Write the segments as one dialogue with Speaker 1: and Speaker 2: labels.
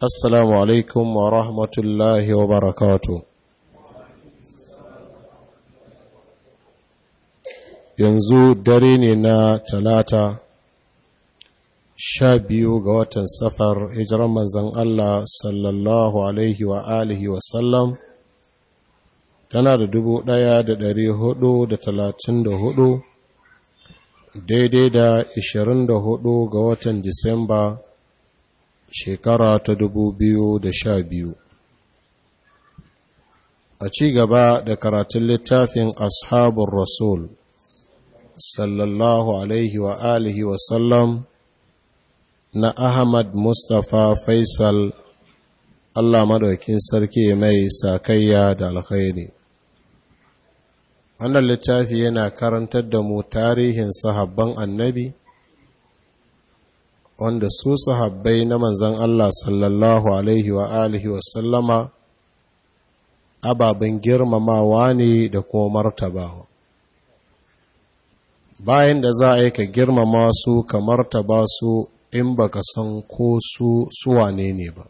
Speaker 1: Assalamu alaikum wa rahmatullahi wa barakatu. Yanzu dare ne na talata sha biyu ga watan safar hijiran manzan Allah sallallahu alaihi wa alihi wa sallam tana da dubu ɗaya da dari hudu da talatin da hudu daidai da ishirin da hudu ga watan Disamba shekara ta dubu biyu da sha biyu. a ci gaba da karatun littafin ashabun rasul sallallahu alaihi wa alihi wasallam na ahmad mustapha faisal allah madaukin sarki mai sakayya da alkhairi wannan littafi yana karantar da mu tarihin sahabban annabi wanda su sahabbai na manzan Allah sallallahu alaihi wa alihi wasallama ababen girmamawa ne da kuma martabawa bayan da za a yi ka girmama su ka martaba su in ba ka san ko su suwane ne ba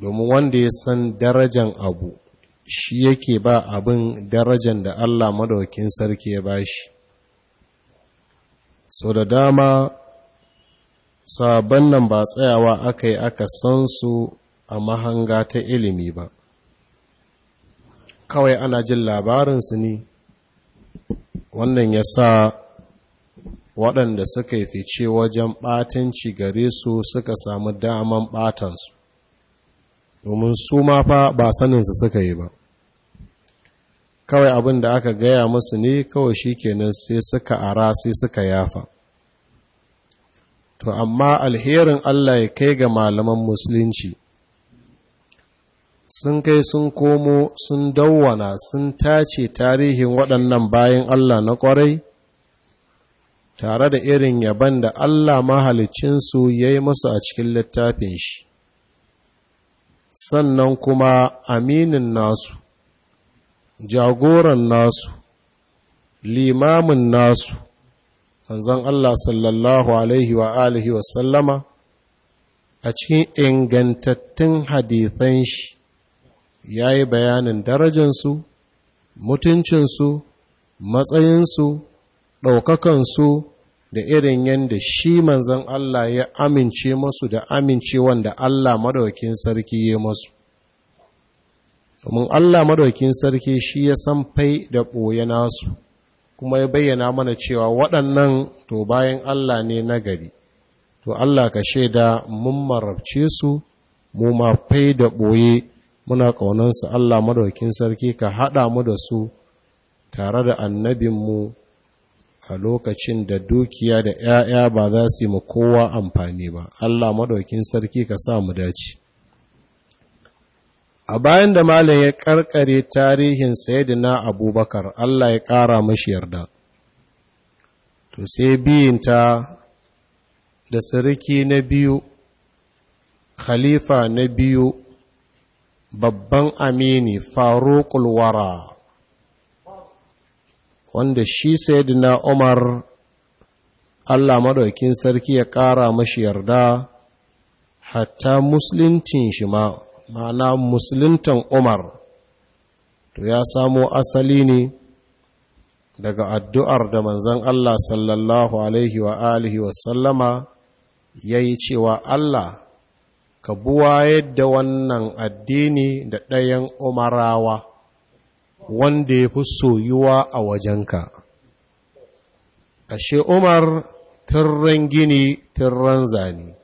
Speaker 1: domin wanda ya san darajan abu shi yake ba abin darajan da Allah madaukin sarki ya bashi sau da dama sabon nan ba tsayawa aka yi aka san su a mahanga ta ilimi ba kawai ana jin labarinsu ne wannan ya sa waɗanda suka yi fice wajen ɓatanci gare su suka samu daman ɓatansu domin su ma fa ba saninsu suka yi ba kawai abin da aka gaya musu ne kawai shi kenan sai suka ara sai suka yafa to amma alherin Allah ya kai ga malaman musulunci sun kai sun komo sun dawwana sun tace tarihin waɗannan bayan Allah na ƙwarai tare da irin yaban da Allah mahalicinsu ya yi musu a cikin littafin shi sannan kuma aminin nasu jagoran nasu limamin nasu manzon Allah sallallahu alaihi wa alihi wa sallama a cikin ingantattun hadithan shi ya yi bayanin darajansu mutuncinsu matsayinsu ɗaukakansu da irin yadda shi manzon Allah ya amince musu da amincewan da Allah maɗaukin sarki ya masu domin Allah madaukin sarki shi ya san fai da ɓoye nasu kuma ya bayyana mana cewa waɗannan to bayan Allah ne nagari to Allah ka shaida mun marabce su mu ma fai da ɓoye muna ƙaunansu Allah madaukin sarki ka haɗa mu da su tare da annabin mu a lokacin da dukiya da ‘ya'ya ba za su yi mu kowa amfani ba Allah madaukin sarki ka sa mu dace. a bayan da malam ya karkare tarihin sayidina abubakar allah ya kara mashi yarda to sai biyinta da sarki na biyu khalifa na biyu babban amini faruqul wara wanda shi sayidina umar allah maɗaukin sarki ya kara mashi yarda hatta musulunci shi ma ma'ana musuluntan umar to ya samo asali ne daga addu'ar da manzan Allah sallallahu Alaihi wa alihi wasallama ya yi cewa Allah ka buwa yadda wannan addini da ɗayan umarawa wanda ya fi soyuwa a wajenka. Ashe Umar turren gini turren zane.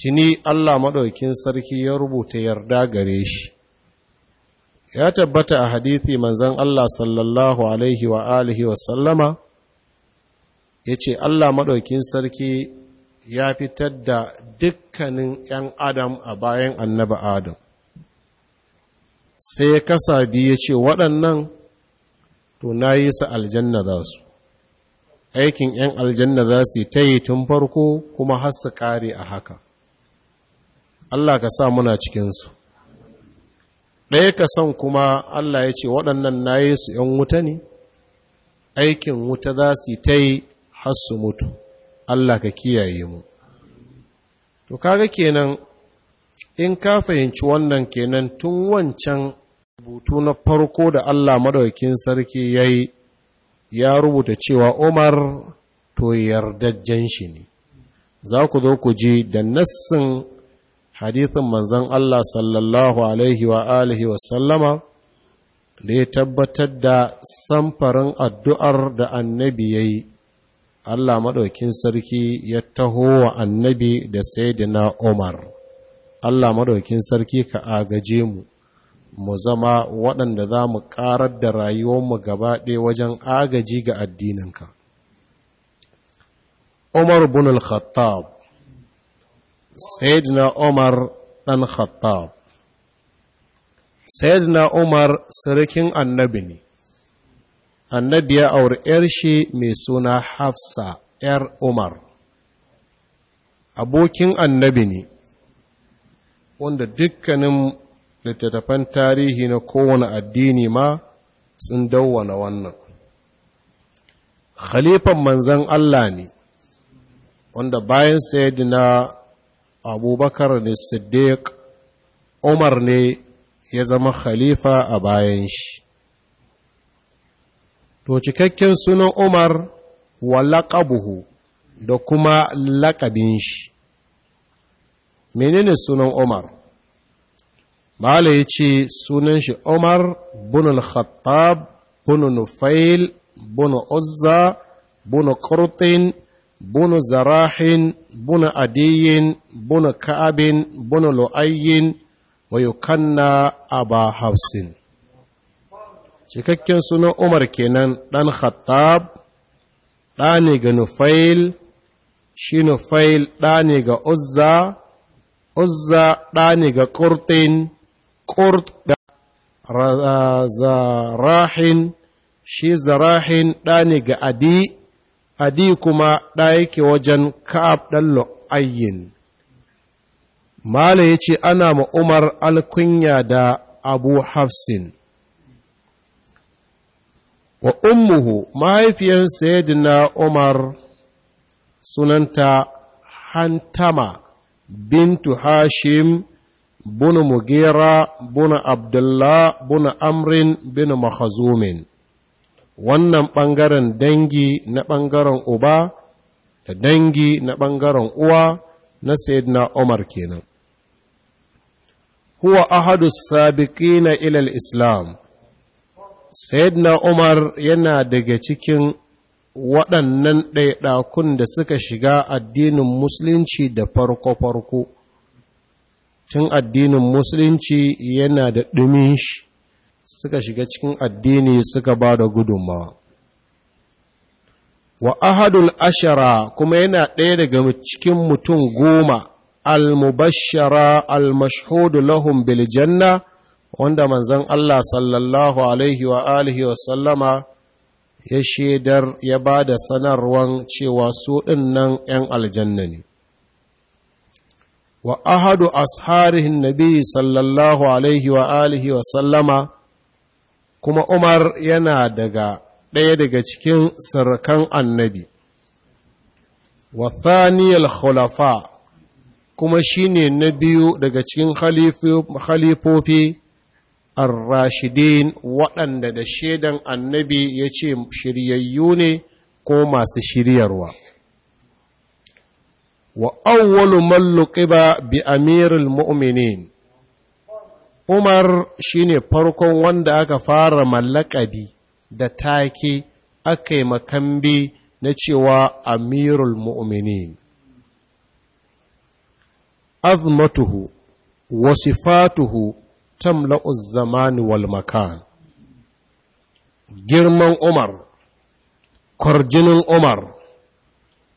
Speaker 1: tuni Allah maɗaukin sarki ya rubuta yarda gare shi ya tabbata a hadithi manzan Allah sallallahu alaihi wa alihi wa sallama ya ce Allah maɗaukin sarki ya fitar da dukkanin ‘yan Adam a bayan annaba Adam sai ya kasa biyu ya ce waɗannan to na yi su aljanna za su aikin ‘yan aljanna za su yi ta yi tun farko kuma har su ƙare a haka Allah ka sa muna cikinsu ɗaya ka san kuma Allah ya ce waɗannan na yi su ‘yan wuta ne aikin wuta za su ta yi har su mutu Allah ka kiyaye mu to kaga kenan in ka fahimci wannan kenan tun wancan rubutu na farko da Allah madaukin sarki ya yi ya rubuta cewa Umar to yardajjen shi ne za ku zo ku ji da nassin hadithin manzan Allah sallallahu alaihi wa alihi wa sallama da ya tabbatar da samfarin addu'ar da annabi ya yi Allah maɗaukin sarki ya taho wa annabi da saidina Umar Allah maɗaukin sarki ka agaje mu mu zama waɗanda za mu ƙarar da rayuwar mu gaba ɗaya wajen agaji ga addininka Umar bin al-Khattab sayyidina umar ɗan khattab sayyidina umar sarkin annabi ne annabi ya auri 'yar shi mai suna hafsa 'yar umar abokin annabi ne wanda dukkanin littattafan tarihi na kowane addini ma sun dawwana wannan khalifan manzan Allah ne wanda bayan sayyidina abubakar ne siddiq umar ne ya zama khalifa a bayan shi to cikakken sunan umar wa laqabuhu da kuma laƙabin shi menene sunan umar mala ya sunan shi umar bunul khattab bunu nufail bunu uzza bunu kurtin Buna zarahin buna adiyin buna ka'abin buna lu'ayyin wa yukanna aba cikakken sunan umar kenan ɗan khattab ɗa ne ga nufail shi nufail ɗa ne ga uzza uzza ɗa ne ga ƙurtin ƙurt ga zarahin shi zarahin ɗa ne ga adi adii kuma ɗayke wojan ka'ab ɗallo ayyin maala yeci anama umar alkunyada abu hafsin wa ummuhu mahaifiyan sayidina umar sunanta hantama bintu hashim bunu mugira bunu abdullah bunu amrin binu makhazumin wannan ɓangaren dangi na ɓangaren uba da dangi na ɓangaren uwa na Sayyidina Umar kenan. Huwa ahadu sabiqina ilal Islam. Sayyidina Umar yana daga cikin waɗannan ɗaiɗakun da suka shiga addinin musulunci da farko-farko. tun addinin musulunci yana da ɗumin shi, suka shiga cikin addini suka ba da gudunmawa wa ahadul ashara kuma yana ɗaya daga cikin mutum goma almubashara almashhudu lahum bil janna wanda manzon Allah sallallahu alaihi wa alihi wa sallama ya shaidar ya ba da sanarwar cewa su ɗin nan ‘yan aljanna ne. Wa ahadu asharihin nabi sallallahu alaihi wa alihi wa sallama kuma Umar yana daga ɗaya daga cikin sarkan annabi. Wathaniyar khulafa kuma shi ne na biyu daga cikin khalifofi ar-rashidin waɗanda da shaidan annabi ya ce shiryayyu ne ko masu shiryarwa. Wa awwalu malluƙiba bi amirul mu'minin Umar shi ne farkon wanda aka fara mallakabi da take aka yi makambe na cewa amirul mu'minin. Azmatuhu wasifatuhu tamla'u zamani wal makan. Girman Umar, kwarjinin Umar,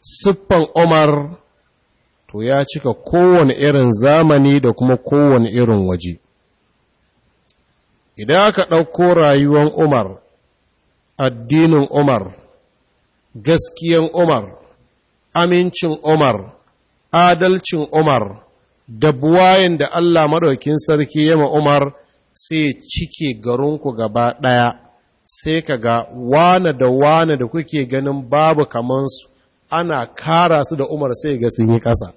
Speaker 1: siffan Umar to ya cika kowane irin zamani da kuma kowane irin waje. idan aka ɗauko rayuwan umar addinin umar gaskiyan umar amincin umar adalcin umar da buwayen da allah maɗaukin sarki yama umar sai cike garinku gaba ɗaya sai ka ga wane da wane da kuke ganin babu kamansu ana kara su da umar sai ga sun yi ƙasa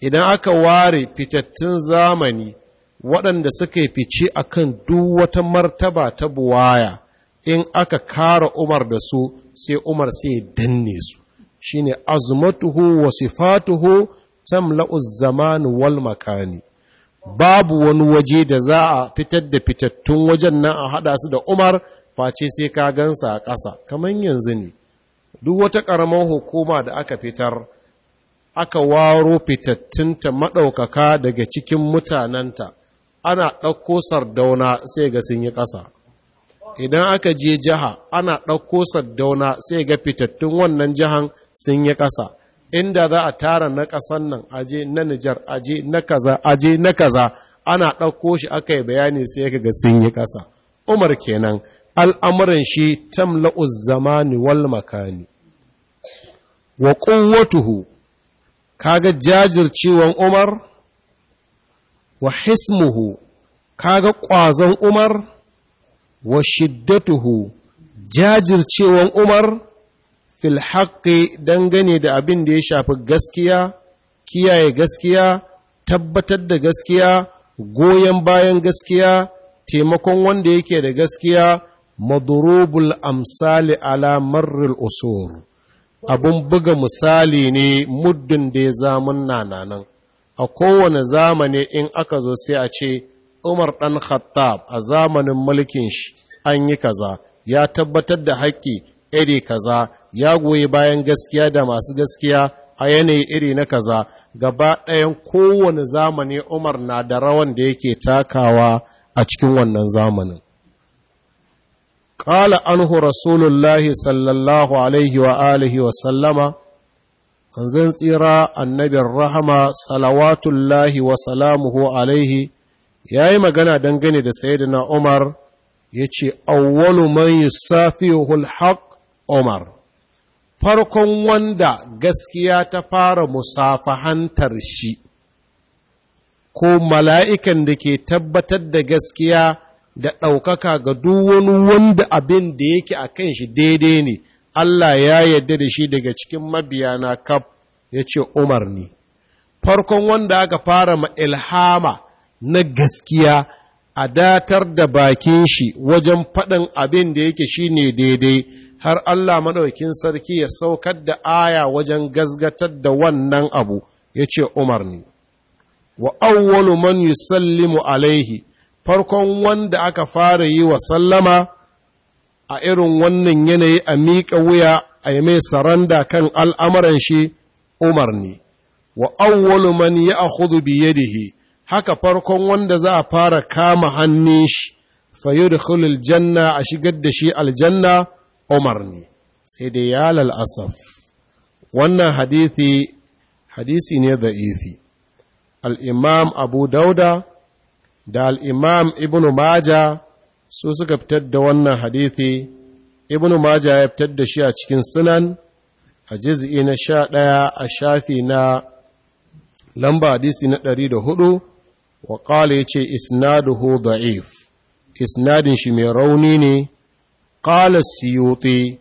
Speaker 1: idan aka ware fitattun zamani waɗanda suka yi fice akan duk wata martaba ta buwaya in aka kara umar da su sai umar sai danne su shine azumatuhu wa sifatuhu tamla'u zaman wal makani babu wani waje da za a fitar da fitattun wajen nan a haɗa su da umar face sai ka gansa a ƙasa kamar yanzu ne duk wata ƙaramar hukuma da aka fitar aka waro fitattunta maɗaukaka daga cikin mutanenta ana ɗauko sardauna sai ga sun yi ƙasa idan aka je jiha ana ɗauko sardauna sai ga fitattun wannan jihan sun yi ƙasa inda za a tara na ƙasan nan aje na nijar aje na kaza aje na kaza ana ɗauko shi aka yi bayani sai ka ga sun yi ƙasa umar kenan al'amuran shi zama zamani wal makani wa Ka kaga jajircewan umar wa hismuhu kaga ƙwazon umar wa shiddatuhu jajircewan umar fil dangane da abin da ya shafi gaskiya kiyaye gaskiya tabbatar da gaskiya goyon bayan gaskiya taimakon wanda yake da gaskiya madurubul amsali ala marril usur abun buga misali ne muddin da ya zamun nananan a kowane zamani in aka zo sai a ce umar ɗan khattab a zamanin mulkin shi an yi kaza ya tabbatar da haƙƙi iri kaza ya goyi bayan gaskiya da masu gaskiya a yanayi iri na kaza gaba ɗayan kowane zamani umar na da rawan da yake takawa a cikin wannan zamanin قال عنه رسول الله صلى الله عليه وآله manzon tsira annabin rahama salawatullahi wa salamuhu alaihi ya yi magana dangane da sayyidina umar ya ce awwalu man yusafihul haq umar farkon wanda gaskiya ta fara musafahantar shi ko mala'ikan da ke tabbatar da gaskiya da ɗaukaka ga duk wanda abin da yake a kan shi daidai ne Allah ya yadda da shi daga cikin mabiya na kaf ya ce Umar ne. Farkon wanda aka fara ma ilhama na gaskiya a datar da bakin shi wajen faɗin abin da yake shi ne daidai har Allah maɗaukin sarki ya saukar da aya wajen gazgatar da wannan abu ya ce Umar ne. Wa awwalu man yusallimu alaihi farkon wanda aka fara yi wa sallama a irin wannan yanayi a miƙa wuya a yi mai saranda kan al'amuran shi Umar ne, wa Auwalu man ya ahudu biyadihi haka farkon wanda za a fara kama hannun shi, fayudkhulul janna a shigar da shi aljanna Umar ne, sai da ya asaf. Wannan hadithi, hadisi ne da ifi, al'imam Abu Dauda da al'imam Ibn Maja su suka fitar da wannan hadithi ibn maja ya fitar da shi a cikin sunan a jiz'i na sha ɗaya a shafi na lamba hadisi na ɗari da hudu wa ƙala ya ce isnaduhu da'if isnadin shi mai rauni ne ƙala siyuti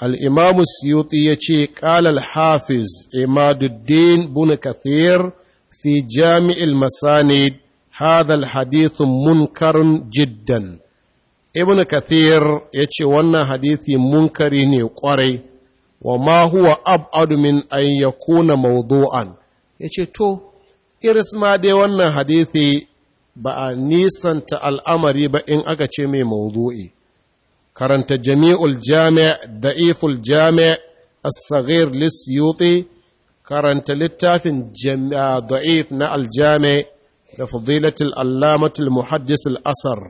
Speaker 1: al'imamu siyuti ya ce ƙala al-hafiz imaduddin bun kathir fi jami'il masanid hadha al-hadithun munkarun jiddan ibn kathir ya ce wannan hadithi munkari ne kwarai wa ma huwa ab'adu min an yakuna mawdu'an ya ce to iris ma dai wannan hadithi ba a nisanta al'amari ba in aka ce mai mawdu'i karanta jami'ul jami' da'iful jami' as-saghir lisyuti karanta littafin da'if na aljami' da fadilatul allamatul muhaddis al-asar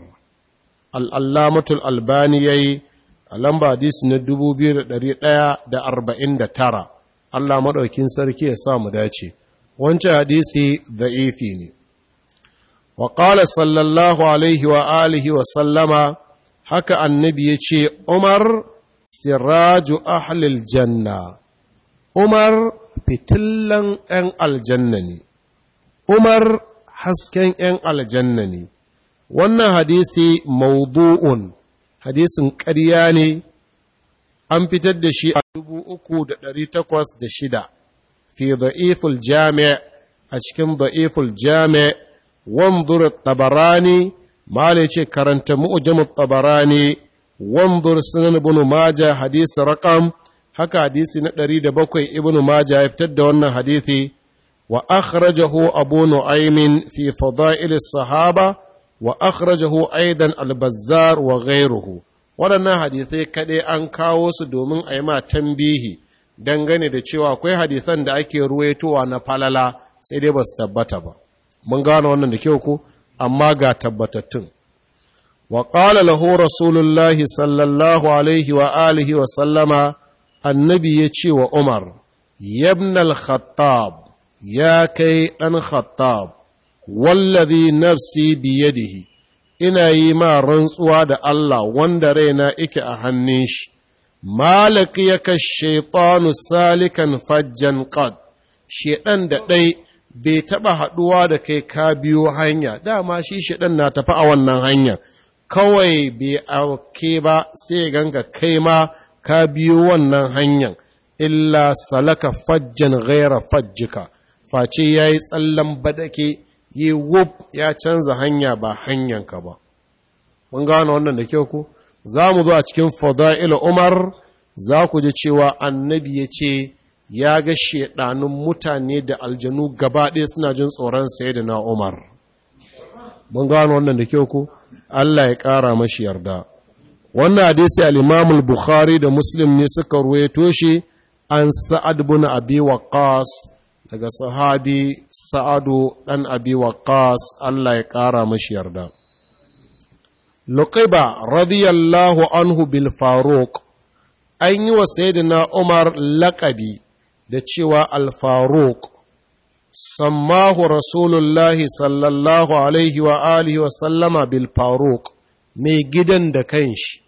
Speaker 1: al'allamatul albani ya yi a lamba hadisi na 2149 Allah maɗaukin sarki ya sa mu dace wancan hadisi za'ifi ne wa ƙala sallallahu alaihi wa alihi wa sallama haka annabi ya ce umar siraju ahlil janna umar fitillan ‘yan aljanna ne umar hasken ‘yan aljanna ne wannan hadisi maudu'un hadisin ƙarya ne an fitar da shi a 3,806 fi da'iful jami'a a cikin da'iful jami' wanzur tabarani mala ce karanta mu'jamut tabarani wanzur sunan ibn maja hadisi rakam. haka hadisi na 107 ibnu maja ya fitar da wannan hadisi wa akhrajahu abu nu'aymin fi fada'il as-sahaba wa akhrajahu aidan al-bazzar wa ghayruhu waɗannan hadisai kaɗai an kawo su domin a yi ma tambihi dangane da cewa akwai hadisan da ake ruwaitowa na falala sai dai ba su tabbata ba mun gano wannan da kyau ko amma ga tabbatattun wa qala lahu rasulullahi sallallahu alaihi wa alihi wa sallama annabi ya ce wa umar yabnal khattab ya kai ɗan khattab wallazi nafsi biyadihi ina yi ma rantsuwa da Allah wanda raina ike a hannun shi malaki yaka shaytanu salikan fajjan qad shedan da ɗai bai taɓa haɗuwa da kai ka biyo hanya dama shi shedan na tafi a wannan hanya kawai bai auke ba sai ganga kai ma ka biyo wannan hanyar illa salaka fajjan ghaira fajjika face yayi tsallan badake yi wub ya canza hanya ba hanyanka ba mun gano wannan da kyau ku za mu zo a cikin fada'ila umar za ku ji cewa annabi ya ce ya ga shedanun mutane da aljanu gaba ɗaya suna jin tsoron sai da na umar mun gano wannan da kyau ku allah ya ƙara mashi yarda wannan hadisi al-imam bukhari da muslim ne suka ruwaito shi an sa'ad bin abi waqqas daga sahabi sa'adu ɗan abi waqas Allah ya ƙara mashi yarda luqiba radiyallahu anhu bil faruk an yi wa sayyidina umar laƙabi da cewa al faruk sammahu rasulullahi sallallahu alaihi wa alihi wa sallama bil faruk mai gidan da kanshi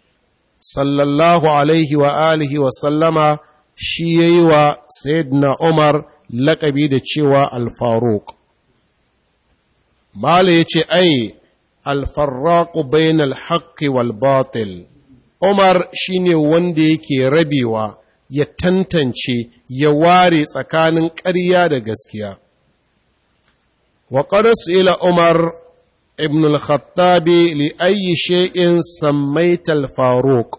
Speaker 1: sallallahu alaihi wa alihi wa sallama shi yayi wa sayyidina umar laƙabi da cewa alfaruk mala ya ce ai alfarraku bainal haqqi wal batil umar shine wanda yake rabewa ya tantance ya ware tsakanin ƙarya da gaskiya wa qad ila umar ibn al-khattab li ayyi shay'in sammaita al-faruq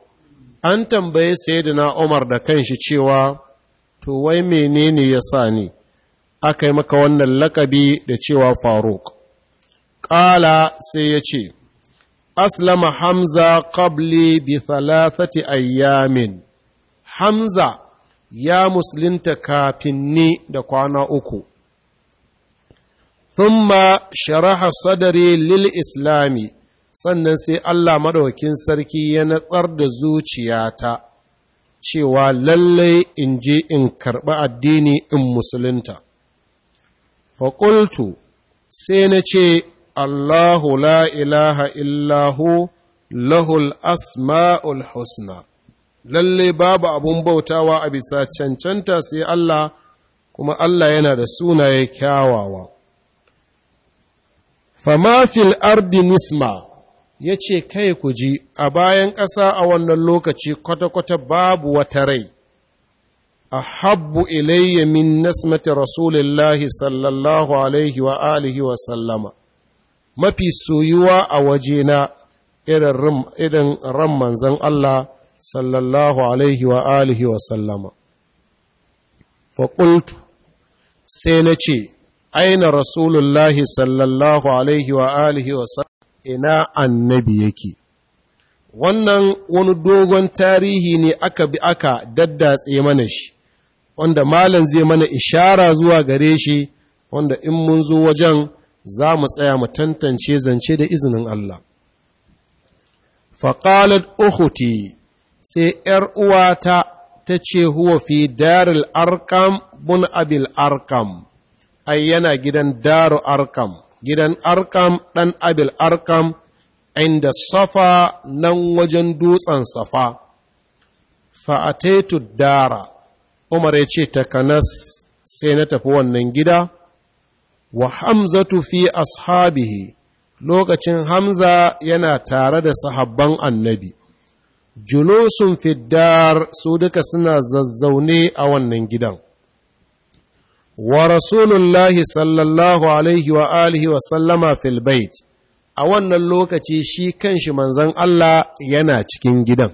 Speaker 1: an tambaye sayyidina umar da kanshi cewa to wai menene ya sa ni aka yi maka wannan lakabi da cewa faruk ƙala sai ya ce aslama hamza qabli bi thalathati ayyamin hamza ya musulunta kafin ni da kwana uku thumma sharaha sadari lil islami sannan sai Allah maɗaukin sarki ya natsar da zuciyata cewa lallai in je in karɓi addini in musulunta. Faƙultu sai na ce, Allahu la ilaha illahu lahul asma'ul husna, lallai babu abun bautawa a bisa cancanta sai Allah, kuma Allah yana da sunaye kyawawa. Fama fil ardi nisma' ya ce kai ku ji a bayan ƙasa a wannan lokaci kwata-kwata babu wata rai a habbu ilayya min nasmati rasulillahi sallallahu alaihi wa alihi wa sallama mafi soyuwa a wajena irin ran manzan Allah sallallahu alaihi wa alihi wa sallama faƙultu sai na ce aina rasulullahi sallallahu alaihi wa alihi wa sallama ina annabi yake wannan wani dogon tarihi ne aka bi aka daddatse mana shi wanda malam zai mana ishara zuwa gare shi wanda in mun zo wajen za mu tsaya mu tantance zance da izinin Allah faƙalar uhuti sai ‘yar uwata ta ce huwa fi daril arkam bun abil arkam ai yana gidan daro arkam gidan arkam ɗan abil arkam inda safa nan wajen dutsen safa fa'ataitu dara umar ya ce takanas sai na tafi wannan gida wa hamzatu fi ashabihi lokacin hamza yana tare da sahabban annabi julusun fiddar su duka suna zazzaune a wannan gidan wa rasulullahi sallallahu alaihi wa alihi wa sallama fil bait a wannan lokaci shi kanshi manzon Allah yana cikin gidan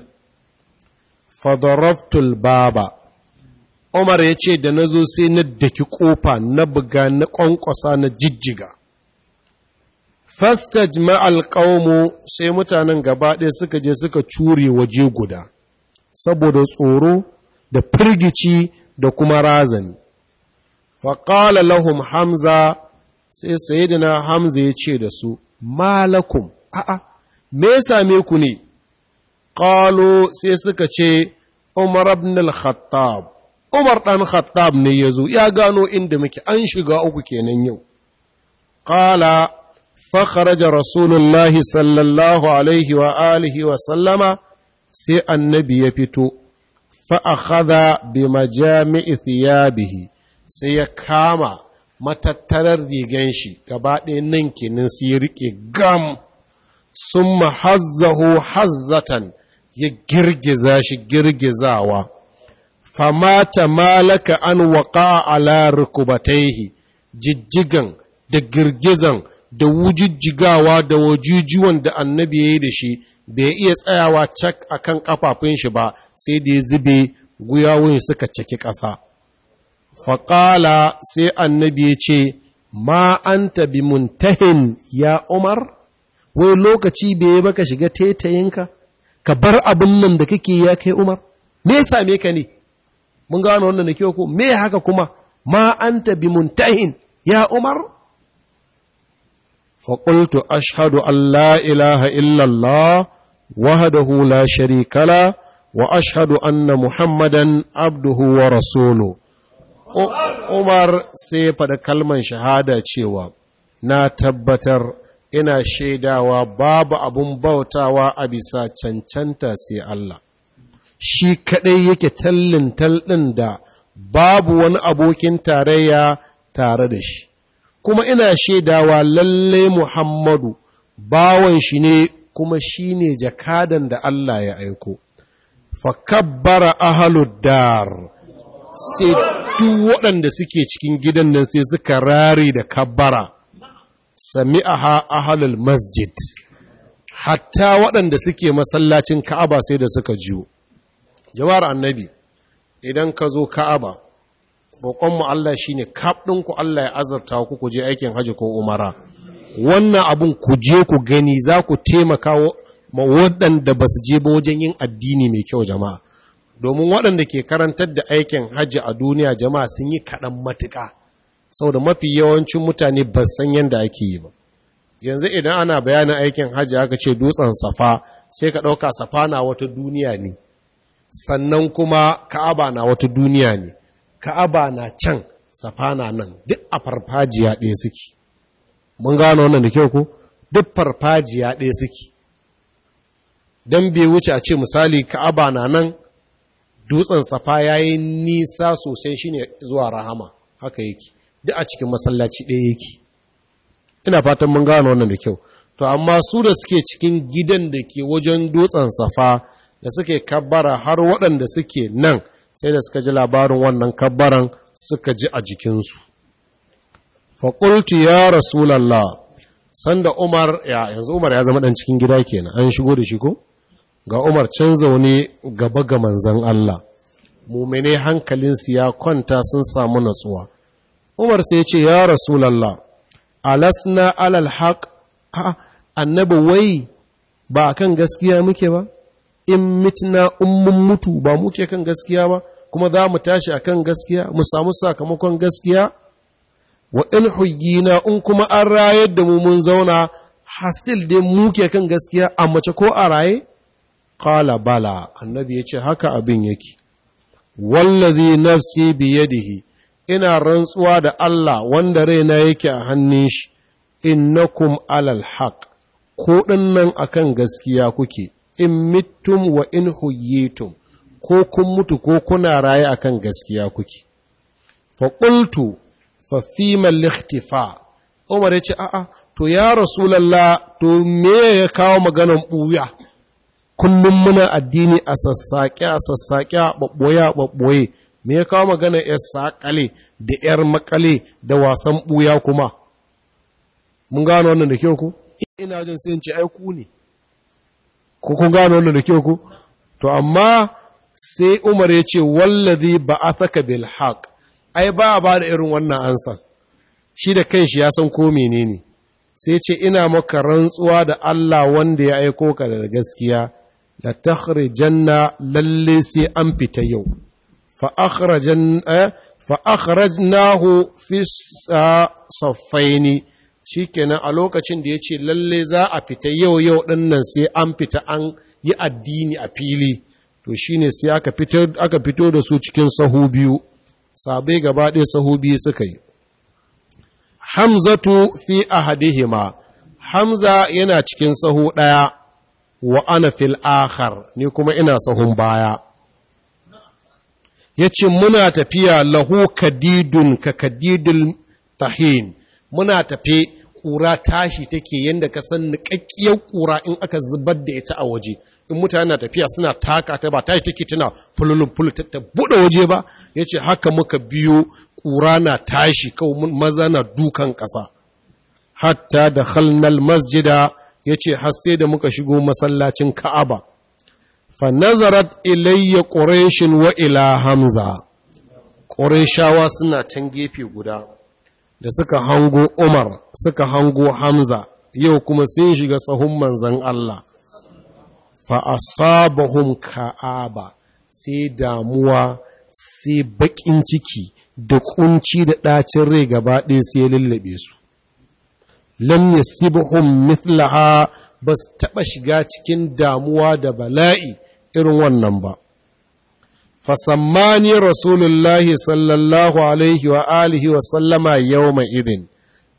Speaker 1: fadaraftul baba Umar ya ce da na zo sai na daki ƙofa na buga na ƙwanƙwasa na jijjiga fastaj ma'alƙaunmu sai mutanen gaba ɗaya suka je suka cure waje guda saboda tsoro da firgici da kuma razani faƙala lahum hamza sai sayidina hamza ya ce da su malakum a'a me ya same ku ne ƙalo sai suka ce umar ibn al-khattab umar ɗan khattab ne ya zo ya gano inda muke an shiga uku kenan yau ƙala alaihi رسول الله صلى الله عليه وآله وسلم سي النبي يفتو فأخذ بمجامع ثيابه sai ya kama matattarar rigan shi gaba ɗaya nan sai ya riƙe gam sun mahazzahu hazzatan ya girgiza shi girgizawa famata malaka an waƙa ala rukubataihi jijjigan da girgizan da wujijjigawa da wajujuwan da annabi ya yi da shi bai iya tsayawa cak a kan kafafun shi ba sai da ya zube guyawun suka caki ƙasa faƙala sai annabi ya ce ma an tabi muntahin ya umar wai lokaci bai yi baka shiga tetayinka ka bar abin nan da kake ya kai umar me same ka ne mun gano wannan da kyau ko me haka kuma ma an tabi muntahin ya umar faƙultu ashadu أن Illallah! إله إلا الله وحده لا Wa ashadu وأشهد أن محمدا عبده Umar sai ya faɗi kalman shahada cewa, Na tabbatar ina shaidawa babu abun bautawa a bisa cancanta sai Allah, shi kaɗai yake tallin ɗin da babu wani abokin tarayya tare da shi, kuma ina shaidawa lalle Muhammadu bawan shi ne kuma shi ne jakadan da Allah ya aiko. Fakabbara dar sai duk waɗanda suke cikin gidan nan sai suka rari da kabbara sami'aha ahalul masjid hatta waɗanda suke masallacin ka'aba sai da suka jiyo jama'ar annabi idan ka zo ka'aba roƙonmu Allah shi ne kaɗinku Allah ya azarta ku ku je aikin hajji ko umara wannan abun ku je ku gani za ku taimaka waɗanda ba su je ba wajen yin addini mai kyau jama'a domin waɗanda ke karantar da aikin hajji a duniya jama'a sun yi kaɗan matuƙa saboda mafi yawancin mutane ba san yadda ake yi ba yanzu idan ana bayanin aikin hajji aka ce dutsen safa sai ka ɗauka safa na wata duniya ne sannan kuma ka'aba na wata duniya ne ka'aba na can safa na nan duk a farfajiya ɗaya suke mun gano wannan da kyau ko duk farfajiya ɗaya suke don bai wuce a ce misali ka'aba na nan dutsen safa ya yi nisa sosai shine zuwa rahama haka yake duk a cikin masallaci ɗaya yake ina fatan mun gano wannan da kyau to amma su da suke cikin gidan da ke wajen dutsen safa da suke kabbara har waɗanda suke nan sai da suka ji labarin wannan kabbaran suka ji a jikinsu faƙultu ya rasulallah sanda umar ya yanzu umar ya zama ɗan cikin gida kenan an shigo da shi ko ga Umar can zaune gaba ga manzan Allah mumene hankalinsu ya kwanta sun samu natsuwa Umar sai ce ya Rasulallah alasna alal haq annabi wai ba kan gaskiya muke ba in mitna ummun mutu ba muke kan gaskiya ba kuma za mu tashi a kan gaskiya mu samu sakamakon gaskiya wa in in kuma an rayar da mu mun zauna hastil dai muke kan gaskiya a mace ko a raye Kala bala, annabi ya ce haka abin yake, wallazi nafsi biyadihi ina rantsuwa da Allah wanda raina yake a hannun shi, innakum alal haq, ko nan akan gaskiya kuke, in mittum wa in huyitum, ko kun mutu ko kuna raye akan gaskiya kuke. Faƙultu, fafiman liktifa, Umar ya ce, A'a, to ya Rasulallah, to me ya kawo maganan ɓuya? kullum muna addini a sassaƙe a sassaƙe a ɓaɓɓoye a ɓaɓɓoye me ya kawo magana ya saƙale da ‘yar makale da wasan ɓuya kuma mun gano wannan da kyau ku ina jin sai in ce aiku ne ko kun gano wannan da kyau ku to amma sai Umar ya ce wallazi ba a bil haqq ai ba ba da irin wannan ansan shi da kanshi ya san ko menene sai ce ina maka rantsuwa da Allah wanda ya aiko ka da gaskiya la takhrijanna lalle sai an fita yau fa akhrajan fa akhrajnahu fi saffaini shikenan a lokacin da yace lalle za a fita yau yau din nan sai an fita an yi addini a fili to shine sai aka fito aka fito da su cikin sahu biyu sabai gaba ɗaya sahu biyu suka yi hamzatu fi ahadihima hamza yana cikin sahu ɗaya wa ana fil akhar ni kuma ina sahun baya yace muna tafiya lahu kadidun ka kadidul tahin muna tafi ƙura tashi take yanda ka san niƙaƙƙiyar ƙura in aka zubar da ita a waje in mutane na tafiya suna taka ta ba tashi take tana fululun fulu ta buɗe waje ba yace haka muka biyo ƙura na tashi kawai maza na dukan ƙasa hatta da halnal masjida ya ce haske da muka shigo masallacin ka'aba fa nazarat ilayya ƙureshin wa ila hamza quraishawa suna can gefe guda da suka hango umar suka hango hamza yau kuma sun shiga tsahon manzan Allah fa asabahum ka'aba sai damuwa sai baƙin ciki da kunci da ɗacin rai gaba ɗaya sai ya lullaɓe su lam yasibhum mithlaha bas taba taɓa shiga cikin damuwa da bala'i irin wannan ba. Fasammani Rasulullahi sallallahu Alaihi wa alihi wa sallama yau mai idin,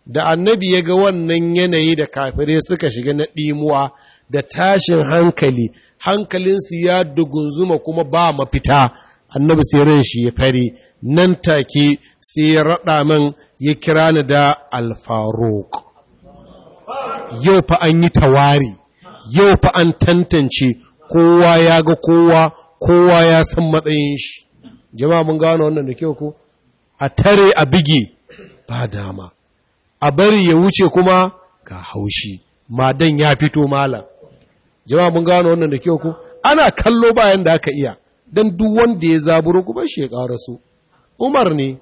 Speaker 1: da annabi ya ga wannan yanayi da kafirai suka shiga na ɗimuwa da tashin hankali, hankalinsu ya dugunzuma kuma ba mafita, annabi sai ran shi ya fari, nan take sai ya raɗa man ya kira ni da alfaruk. yau fa an yi tawari yau fa an tantance kowa ya ga kowa kowa ya san matsayin shi jama'a mun gano wannan da kyau ko a tare a bige ba dama a bari ya wuce kuma ga haushi madan ya fito malam jama'a mun gano wannan da kyau ko ana kallo bayan da aka iya dan duk wanda ya zaburo kuma shi ya ƙara su umar ne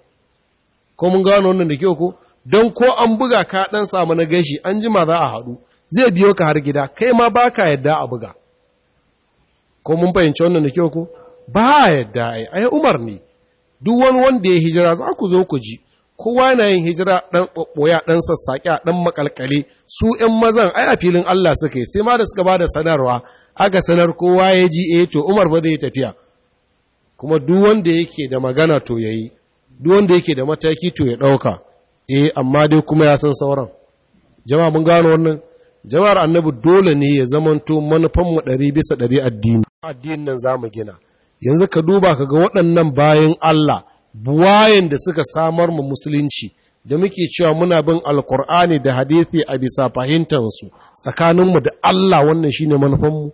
Speaker 1: ko mun gano wannan da kyau ko don ko an buga ka ɗan samu na gashi an ma za a haɗu zai biyo ka har gida kai ma ba ka yadda a buga ko mun fahimci wannan da kyau ko ba yadda ai ai umar ne duk wani wanda ya hijira za ku zo ku ji kowa na yin hijira ɗan ɓoɓɓoya ɗan sassaƙi ɗan makalkale su ƴan mazan ai a filin Allah suka yi sai ma da suka ba da sanarwa aka sanar kowa ya ji eh to Umar ba zai tafiya kuma duk wanda yake da magana to yayi duk wanda yake da mataki to ya ɗauka eh amma dai kuma ya san sauran jama'a mun gano wannan jama'ar annabi dole ne ya zamanto manufan mu ɗari bisa ɗari addini addinin nan za mu gina yanzu ka duba ka ga waɗannan bayan Allah buwayen da suka samar mu musulunci da muke cewa muna bin alkur'ani da hadithi a bisa fahimtansu tsakaninmu da Allah wannan shine manufanmu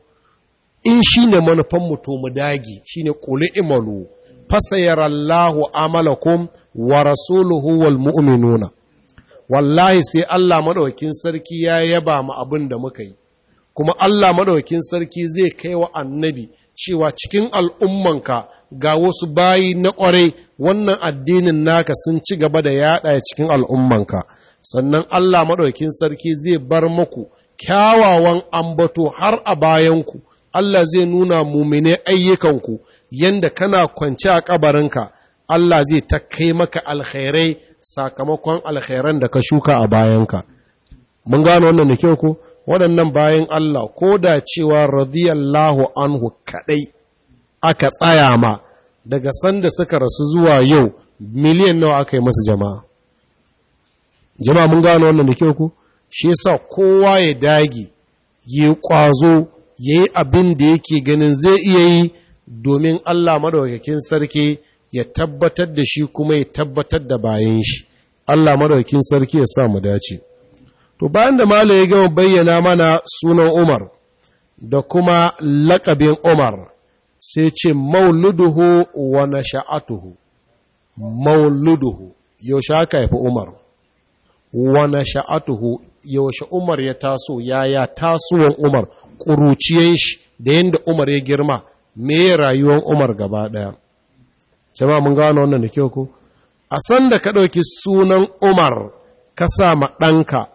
Speaker 1: in shine manufanmu to mu dage shine qul imalu fasayarallahu amalakum wa rasuluhu wal mu'minuna wallahi sai Allah madaukakin sarki ya yaba mu abin da muka yi kuma Allah madaukakin sarki zai kai wa annabi cewa cikin al'ummanka ga wasu bayi na ƙwarai wannan addinin naka sun ci gaba da yaɗa cikin al'ummanka sannan Allah madaukakin sarki zai bar muku kyawawan ambato har a bayan ku. Allah zai nuna mumine ayyukanku yanda kana kwance a kabarinka Allah zai ta kai maka alkhairai sakamakon alkhairan da ka shuka a bayanka mun gano wannan da kyau ko waɗannan bayan Allah ko da cewa radiyallahu anhu kaɗai aka tsaya ma daga sanda suka rasu zuwa yau miliyan nawa aka yi masu jama'a jama'a mun gano wannan da kyau ku shi yasa kowa ya dage ya kwazo ya yi abin da yake ganin zai iya yi domin Allah madaukakin sarki ya tabbatar da shi kuma ya tabbatar da bayan shi Allah madaukin sarki ya sa mu dace to bayan da malai ya gama bayyana mana sunan Umar da kuma lakabin Umar sai ce mauluduhu wa nasha'atuhu mauluduhu yaushe aka haifi Umar wa nasha'atuhu yaushe Umar ya taso yaya tasuwan Umar ƙuruciyen shi da yadda Umar ya girma me rayuwar Umar gaba ɗaya jama'a mun gano wannan da kyau ko a san da ka ɗauki sunan umar ka sa ma ɗanka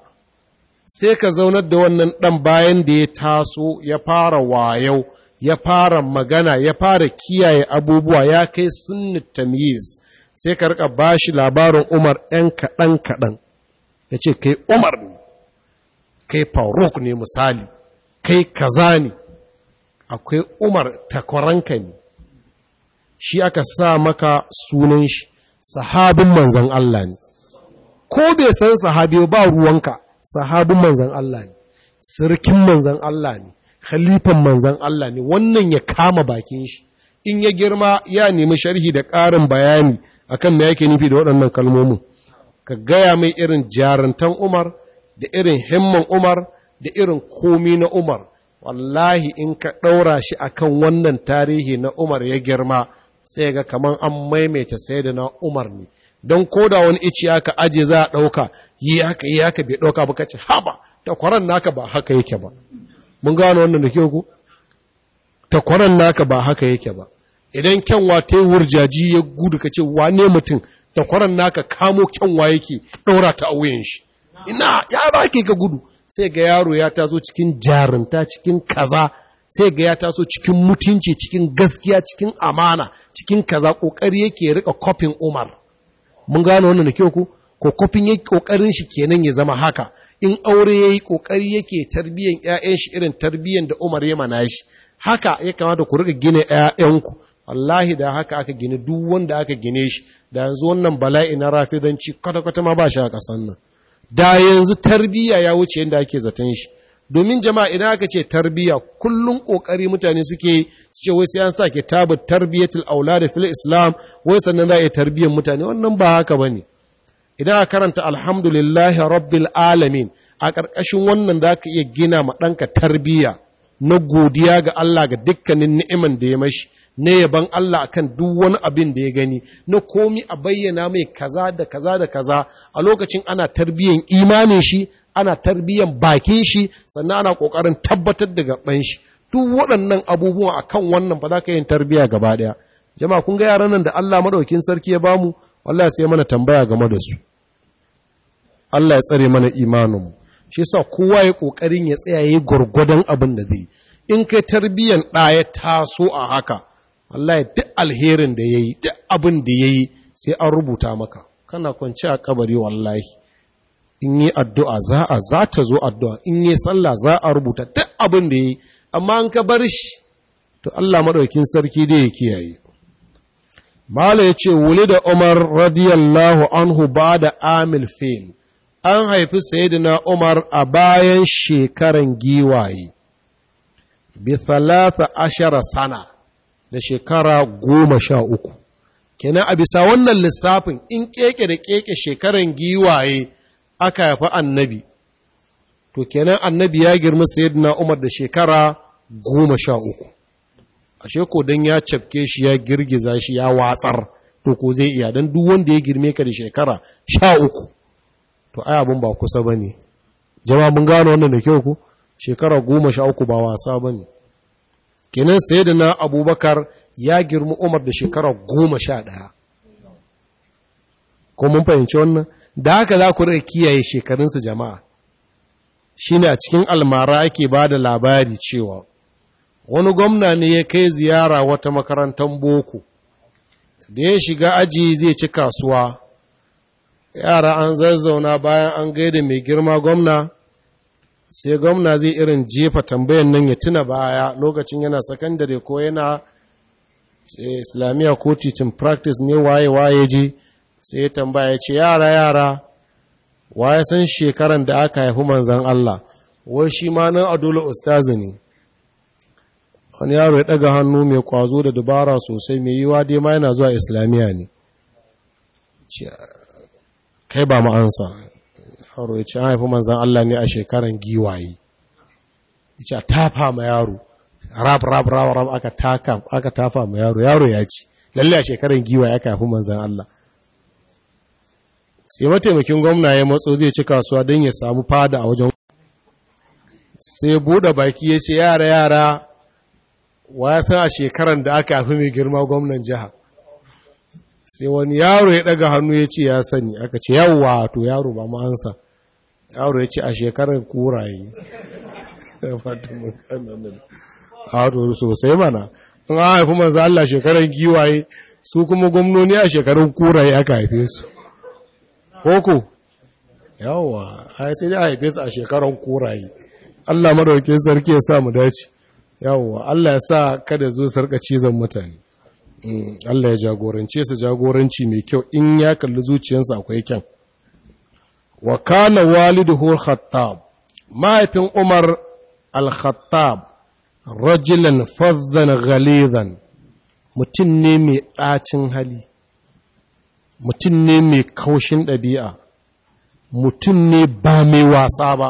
Speaker 1: sai ka zaunar da wannan ɗan bayan da ya taso ya fara wayau ya fara magana ya fara kiyaye abubuwa ya kai sunni tamyiz sai ka rika bashi labarin umar ɗan kaɗan kaɗan ya ce kai umar ne kai faruk ne misali kai kaza ne akwai umar takwaranka ne shi aka sa maka sunan shi sahabin manzan Allah ne ko bai san sahabi ba ruwanka sahabin manzan Allah ne sirkin manzan Allah ne khalifan manzan Allah ne wannan ya kama bakin shi in ya girma ya nemi sharhi da ƙarin bayani akan me yake nufi da waɗannan kalmomin ka gaya mai irin jarantan Umar da irin himman Umar da irin komi na Umar wallahi in ka ɗaura shi akan wannan tarihi na Umar ya girma sai ga kamar an maimaita sai da na Umar ne don koda wani ici aka aje za a ɗauka yi haka yi haka bai ɗauka ba kace haba takwaran naka ba haka yake ba mun gano wannan da ke ku takwaran naka ba haka yake ba idan kyanwa ta yi wurjaji ya gudu kace wane mutum takwaran naka kamo kyanwa yake ɗaura ta auyen shi ina ya ba ka gudu sai ga yaro ya taso cikin jarunta cikin kaza sai ga ya taso cikin mutunci cikin gaskiya cikin amana cikin kaza kokari yake rika kofin Umar mun gano wannan da kyau ku ko kofin yake kokarin shi kenan ya zama haka in aure yayi kokari yake tarbiyan ƴaƴan shi irin tarbiyan da Umar ya mana shi haka ya kamata ku rika gina ƴaƴanku wallahi da haka aka gina duk wanda aka gine shi da yanzu wannan bala'i na rafidanci kwata-kwata ma ba shi a ƙasan nan da yanzu tarbiyya ya wuce yadda ake zaton shi domin jama'a idan aka ce tarbiyya kullum ƙoƙari mutane suke su ce wai sai an sa kitabu aula da fil islam wai sannan za a yi tarbiyyar mutane wannan ba haka ba ne. idan a karanta alhamdulillahi rabbil alamin a ƙarƙashin wannan za ka iya gina ma ɗanka tarbiyya na godiya ga Allah ga dukkanin ni'iman da ya mashi na yaban Allah akan duk wani abin da ya gani na komi a bayyana mai kaza da kaza da kaza a lokacin ana tarbiyyar imanin shi ana tarbiyyan bakin shi sannan ana kokarin tabbatar da gaban shi duk waɗannan abubuwa akan wannan ba za ka yin tarbiyya gaba ɗaya jama'a kun ga yaran nan da Allah maɗaukin sarki ya bamu wallahi sai mana tambaya game da su Allah ya tsare mana imanin mu shi yasa kowa ya kokarin ya tsaya yayi abin da zai in kai tarbiyyan ɗaya taso a haka wallahi duk alherin da yayi duk abin da yayi sai an rubuta maka kana kwance a kabari wallahi in yi addu'a za a za ta zo addu'a in yi sallah za a rubuta duk abin da yi amma an ka bar shi to Allah maɗaukin sarki da ya kiyaye mala ya ce wuli da umar radiyallahu anhu ba da amil fil an haifi sayidina umar a bayan shekaran giwaye bi talata ashara sana da shekara goma sha uku kenan a bisa wannan lissafin in keke da keke shekaran giwaye aka haifi annabi to kenan annabi ya girma sayyidina umar da shekara goma sha uku ashe ko don ya cafke shi ya girgiza shi ya watsar to ko zai iya don duk wanda ya girme ka da shekara sha uku to ai abin ba kusa ba ne jama mun gano wannan da kyau ku shekara goma sha uku ba wasa ba ne kenan sayyidina abubakar ya girma umar da shekara goma sha ɗaya ko mun fahimci wannan da haka za ku rika kiyaye shekarunsu jama'a shi ne a cikin almara ake ba da labari cewa wani gwamna ne ya kai ziyara wata makarantar boko da ya shiga aji zai ci kasuwa yara an zazzauna bayan an gaida mai girma gwamna sai gwamna zai irin jefa tambayan nan ya tuna baya lokacin yana sakandare ko yana eh, islamiyya ko titin practice ne waye-waye ji sai ya tambaya ce yara yara wa ya san shekaran da aka haifi manzan Allah wai shi ma nan adola ustazi ne wani yaro ya daga hannu mai kwazo da dubara sosai mai yiwa dai ma yana zuwa islamiyya ne kai ba mu ansa yaro ya ce an haifi manzan Allah ne a shekaran giwaye ya ce a tafa ma yaro rab rab rab rab aka tafa ma yaro yaro ya ce lalle a shekaran giwaye aka haifi manzan Allah sai mataimakin gwamna ya matso zai ci kasuwa don ya samu fada a wajen sai buɗe baki ya ce yara yara wa ya san a shekaran da aka fi mai girma gwamnan jiha sai wani yaro ya ɗaga hannu ya ce ya sani aka ce yawwa to yaro ba mu ansa yaro ya ce a shekarar kuraye a to sosai mana in a haifi manzo Allah shekarar giwaye su kuma gwamnoni a shekarar kuraye aka haife su koko yawa ai sai dai a haife su a shekarar koraye Allah sarki ya sa mu dace yawa Allah ya sa kada zo sarka cizon mutane mm, Allah ya jagorance su jagoranci mai kyau in ya kalli zuciyarsa akwai kyan wa kana Hukhattab, khattab mahaifin Umar al-Khattab rajulan fazzan ghalizan mutum ne mai ɗacin hali mutum ne mai kaushin ɗabi'a mutum ne ba mai wasa ba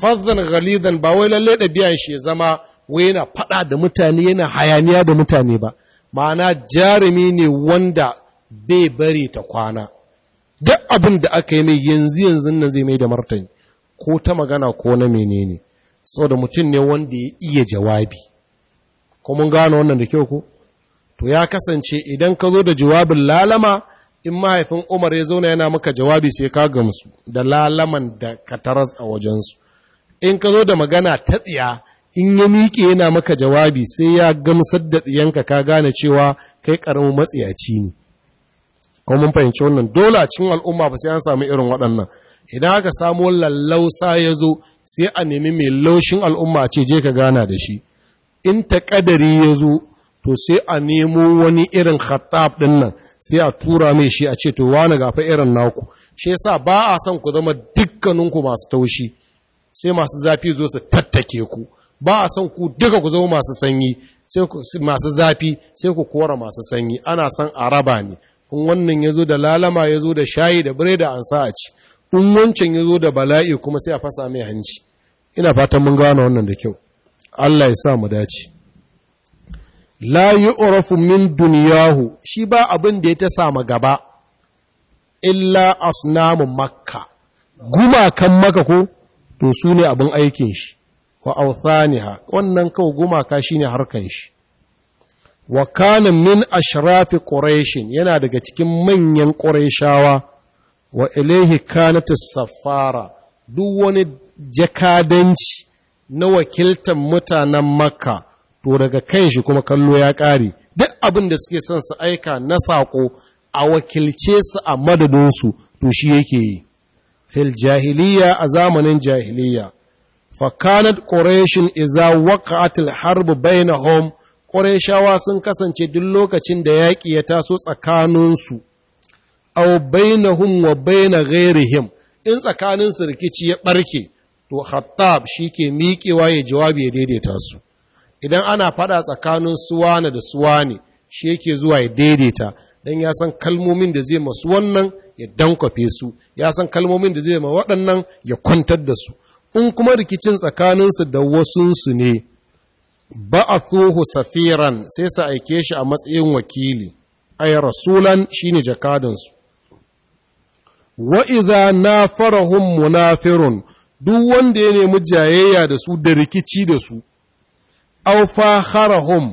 Speaker 1: fadlan ghalidan ba wai lalle ɗabi'an shi ya zama wai yana faɗa da mutane yana hayaniya da mutane ba ma'ana jarumi ne wanda bai bari ta kwana duk abin da aka yi mai yanzu yanzu nan zai mai da martani ko ta magana ko na menene saboda mutum ne wanda ya iya jawabi ko mun gano wannan da kyau ko to ya kasance idan ka zo da jawabin lalama in mahaifin Umar ya zauna yana maka jawabi sai ka gamsu da lalaman da kataras taras a wajensu in ka zo da magana ta tsiya in ya miƙe yana maka jawabi sai ya gamsar da tsiyanka ka gane cewa kai ƙaramin matsiyaci ne ko mun fahimci wannan dole a cikin al'umma ba sai an samu irin waɗannan idan aka samu lallausa ya zo sai a nemi mai laushin al'umma ce je ka gana da shi in ta ƙadari ya zo to sai a nemo wani irin khattab ɗin nan sai a tura mai shi a ce to wani gafa irin naku shi yasa ba a son ku zama dukkaninku masu taushi sai masu zafi zo su tattake ku ba a son ku duka ku zama masu sanyi masu zafi sai ku kora masu sanyi ana son raba ne in wannan yazo da lalama yazo da shayi da biredi an sa a ci in wancan yazo da bala'i kuma sai a fasa mai hanci ina fatan mun gano wannan da kyau Allah ya sa mu dace la yi min duniyahu shi ba abin da ya ta samu gaba illa asnamu makka gumakan maka ko to su ne abin aikin shi wa authaniha wannan kawo gumaka ne harkan shi wa kanin min ashrafi ƙorashin yana daga cikin manyan ƙorashawa wa ilaihi kanat safara duk wani jakadanci na wakiltar mutanen makka to daga kai shi kuma kallo ya ƙare duk abin da suke son su aika na saƙo a wakilce su a madadinsu to shi yake yi fil jahiliya a zamanin jahiliya fakanat ƙorashin iza harbi harbu hom ƙorashawa sun kasance duk lokacin da yaƙi ya taso tsakaninsu au bainahum wa baina ghairihim in tsakaninsu rikici ya ɓarke to hattab shi ke miƙewa ya jawabi ya daidaita su idan ana fada tsakanin suwana da suwane shi yake zuwa ya daidaita don ya san kalmomin da zai masu wannan ya dankwafe su ya san kalmomin da zai ma waɗannan ya kwantar da su in kuma rikicin tsakaninsu da wasunsu ne ba a safiran sai su aike shi a matsayin wakili ay rasulan shine jakadansu wa na nafarahum munafirun duk wanda ya nemi jayayya da su da rikici da su aw fakharahum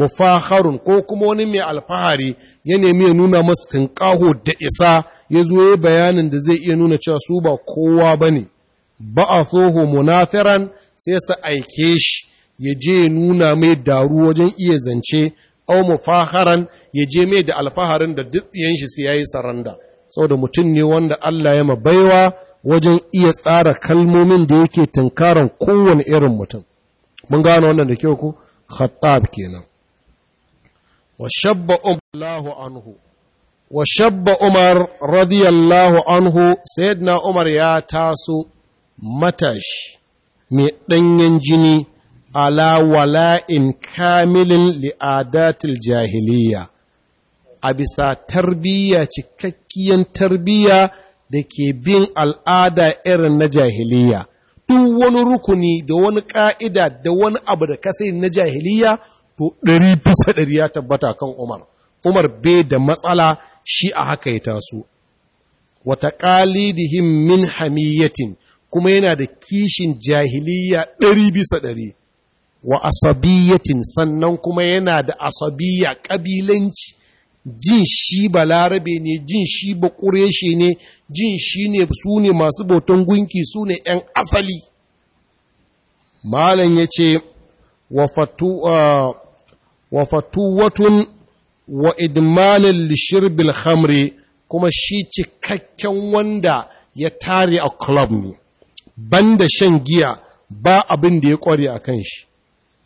Speaker 1: mufakharun ko kuma wani mai alfahari ya nemi ya nuna masu tinkaho da isa ya zo ya bayanin da zai iya nuna cewa su ba kowa ba ne ba a soho munafiran sai sa aike shi ya je ya nuna mai daru wajen iya zance au mufaharan ya je mai da alfaharin da duk shi sai yayi saranda saboda mutum ne wanda Allah ya mabaiwa wajen iya tsara kalmomin da yake tunkaran kowane irin mutum mun gano wannan da kyau ku khattab kenan wa shabba anhu wa shabba Umar radiyallahu anhu sayyidina Umar ya taso matashi mai ɗanyen jini ala wala'in kamilin li'adatil jahiliya a bisa tarbiyya cikakkiyan tarbiyya da ke bin al'ada irin na jahiliya duk wani rukuni da wani ƙa'ida da wani abu da kasai na jahiliya to ɗari bisa ɗari ya tabbata kan umar umar bai da matsala shi a haka ya taso wata ƙalidihin min hamiyatin kuma yana da kishin jahiliya ɗari bisa ɗari wa asabiyatin sannan kuma yana da asabiyya ƙabilanci jin shi ba larabe ne jin shi ba ƙureshe ne jin shi ne su ne masu bautan gunki su ne ‘yan asali malam ya ce wa ah, fatuwatun wa idmanin lishirbil hamre kuma shi cikakken wanda ya tare a club ne banda shan giya ba abin da ya kware a kan shi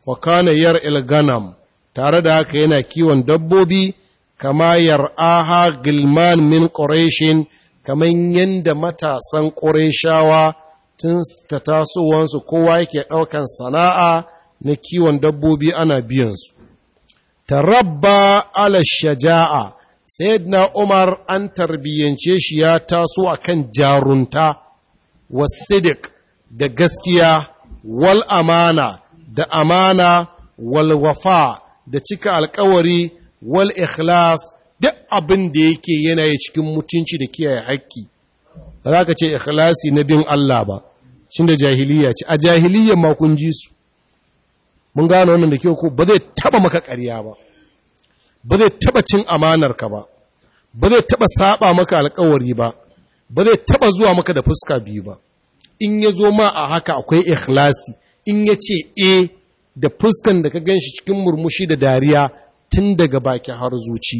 Speaker 1: wa kana yar ilganam tare da haka yana kiwon dabbobi kama yar'aha gilman min ƙureshin kamar yadda matasan ƙureshawa tun ta tasowansu kowa yake ɗaukan sana'a na kiwon dabbobi ana biyansu. Tarabba ala shaja'a, Sayyidina Umar an tarbiyyance shi ya taso a kan jarunta, wasidik da gaskiya, wal amana da amana, wal wafa da cika alkawari wal ikhlas duk abin da yake yana ya cikin mutunci da kiyaye haƙƙi ba za ka ce ikhlasi na bin Allah ba shi da jahiliya ce a jahiliyyar ma kun ji su mun gane wannan da kyau ko ba zai taba maka ƙarya ba ba zai taba cin amanarka ba ba zai taba saba maka alkawari ba ba zai taba zuwa maka da fuska biyu ba in ya zo ma a haka akwai ikhlasi in ya ce e da fuskan da ka gan shi cikin murmushi da dariya tun daga baki har zuci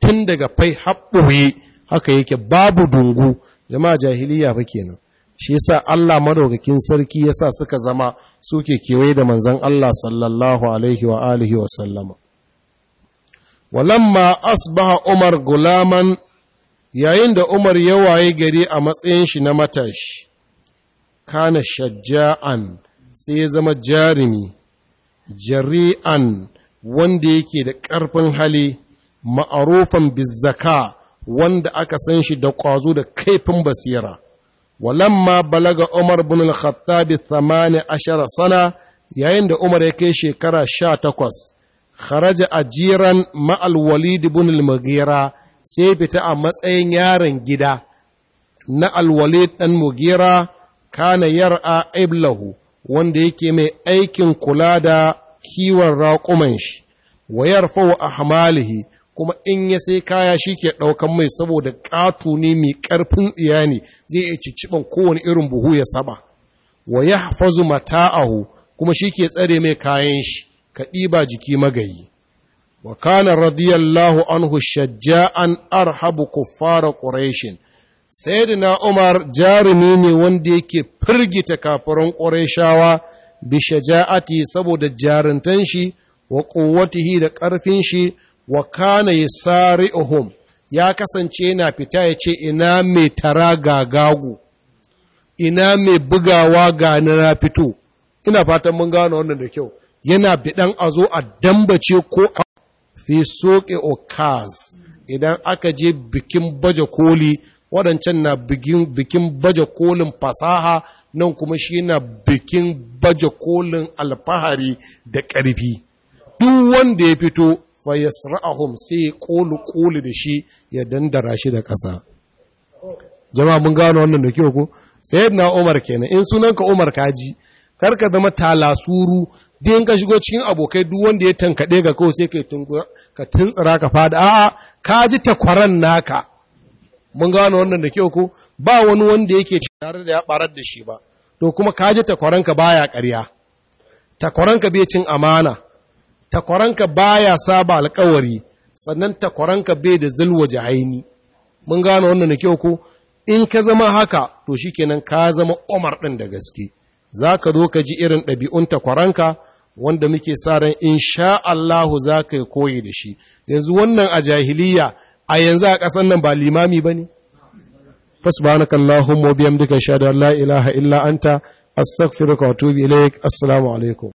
Speaker 1: tun daga fai haɓɓoye haka yake babu dungu jama'a jahiliya fa kenan shi yasa Allah madaukakin sarki yasa suka zama suke kewaye da manzon Allah sallallahu alaihi wa alihi wa sallama walamma asbaha umar gulaman yayin da umar ya waye gari a matsayin shi na matashi kana shajja'an sai ya zama jarimi jari'an wanda yake da ƙarfin hali ma'arufan bizzaka wanda aka san shi da ƙwazo da kaifin basira walamma balaga umar bin al-khattab 18 sana yayin da umar ya kai shekara sha takwas, kharaja ajiran ma'al walid bin al sai fita a matsayin yaron gida na al-walid dan mughira kana yar'a iblahu wanda yake mai aikin kula da kiwon raƙuman shi wa a ahmalihi kuma in ya sai kaya shi ke ɗaukan mai saboda ƙato ne mai ƙarfin tsiya ne zai iya ciciban kowane irin buhu ya saba wa ya hafazu mata'ahu kuma shi ke tsare mai kayan shi ka ɗiba jiki magayi wa kana radiyallahu anhu shajja'an arhabu kuffara quraishin sayyidina umar jarumi ne wanda yake firgita kafirin qurayshawa bi shaja'ati saboda jarintan shi wa quwwatihi da ƙarfin shi wa kana yasari'uhum ya kasance yana fita ya ce ina mai tara gagagu ina mai bugawa ga na fito ina fatan mun gano wannan da kyau yana bidan a zo a dambace ko a fi soke okaz idan aka je bikin baje koli waɗancan na bikin baje kolin fasaha nan kuma shi yana bikin baje kolin alfahari da ƙarfi duk wanda ya fito fa yasra'ahum sai kolu kolu da shi ya dandara shi da ƙasa jama'a mun gano wannan da kyau ko na umar kenan in sunanka umar kaji kar ka zama talasuru din ka shigo cikin abokai duk wanda ya tankade ga kawai sai ka tuntsira ka fada a'a kaji takwaran naka mun gano wannan da kyau ko ba wani wanda yake tare da ya barar da shi ba to kuma kaji takwaranka baya ƙarya takwaranka bai cin amana takwaranka baya saba alƙawari sannan takwaranka bai da zulwaje jahaini mun gano wannan da kyau ko in ka zama haka to shikenan ka zama Umar din da gaske zaka zo ka ji irin ɗabi'un takwaranka wanda muke sa ran insha Allah za ka koyi da shi yanzu wannan a jahiliya a yanzu a ƙasar nan ba limami ba ne fasbanakallahumma duka shahada la ilaha illa anta astaghfiruka wa atubu ilaik assalamu alaikum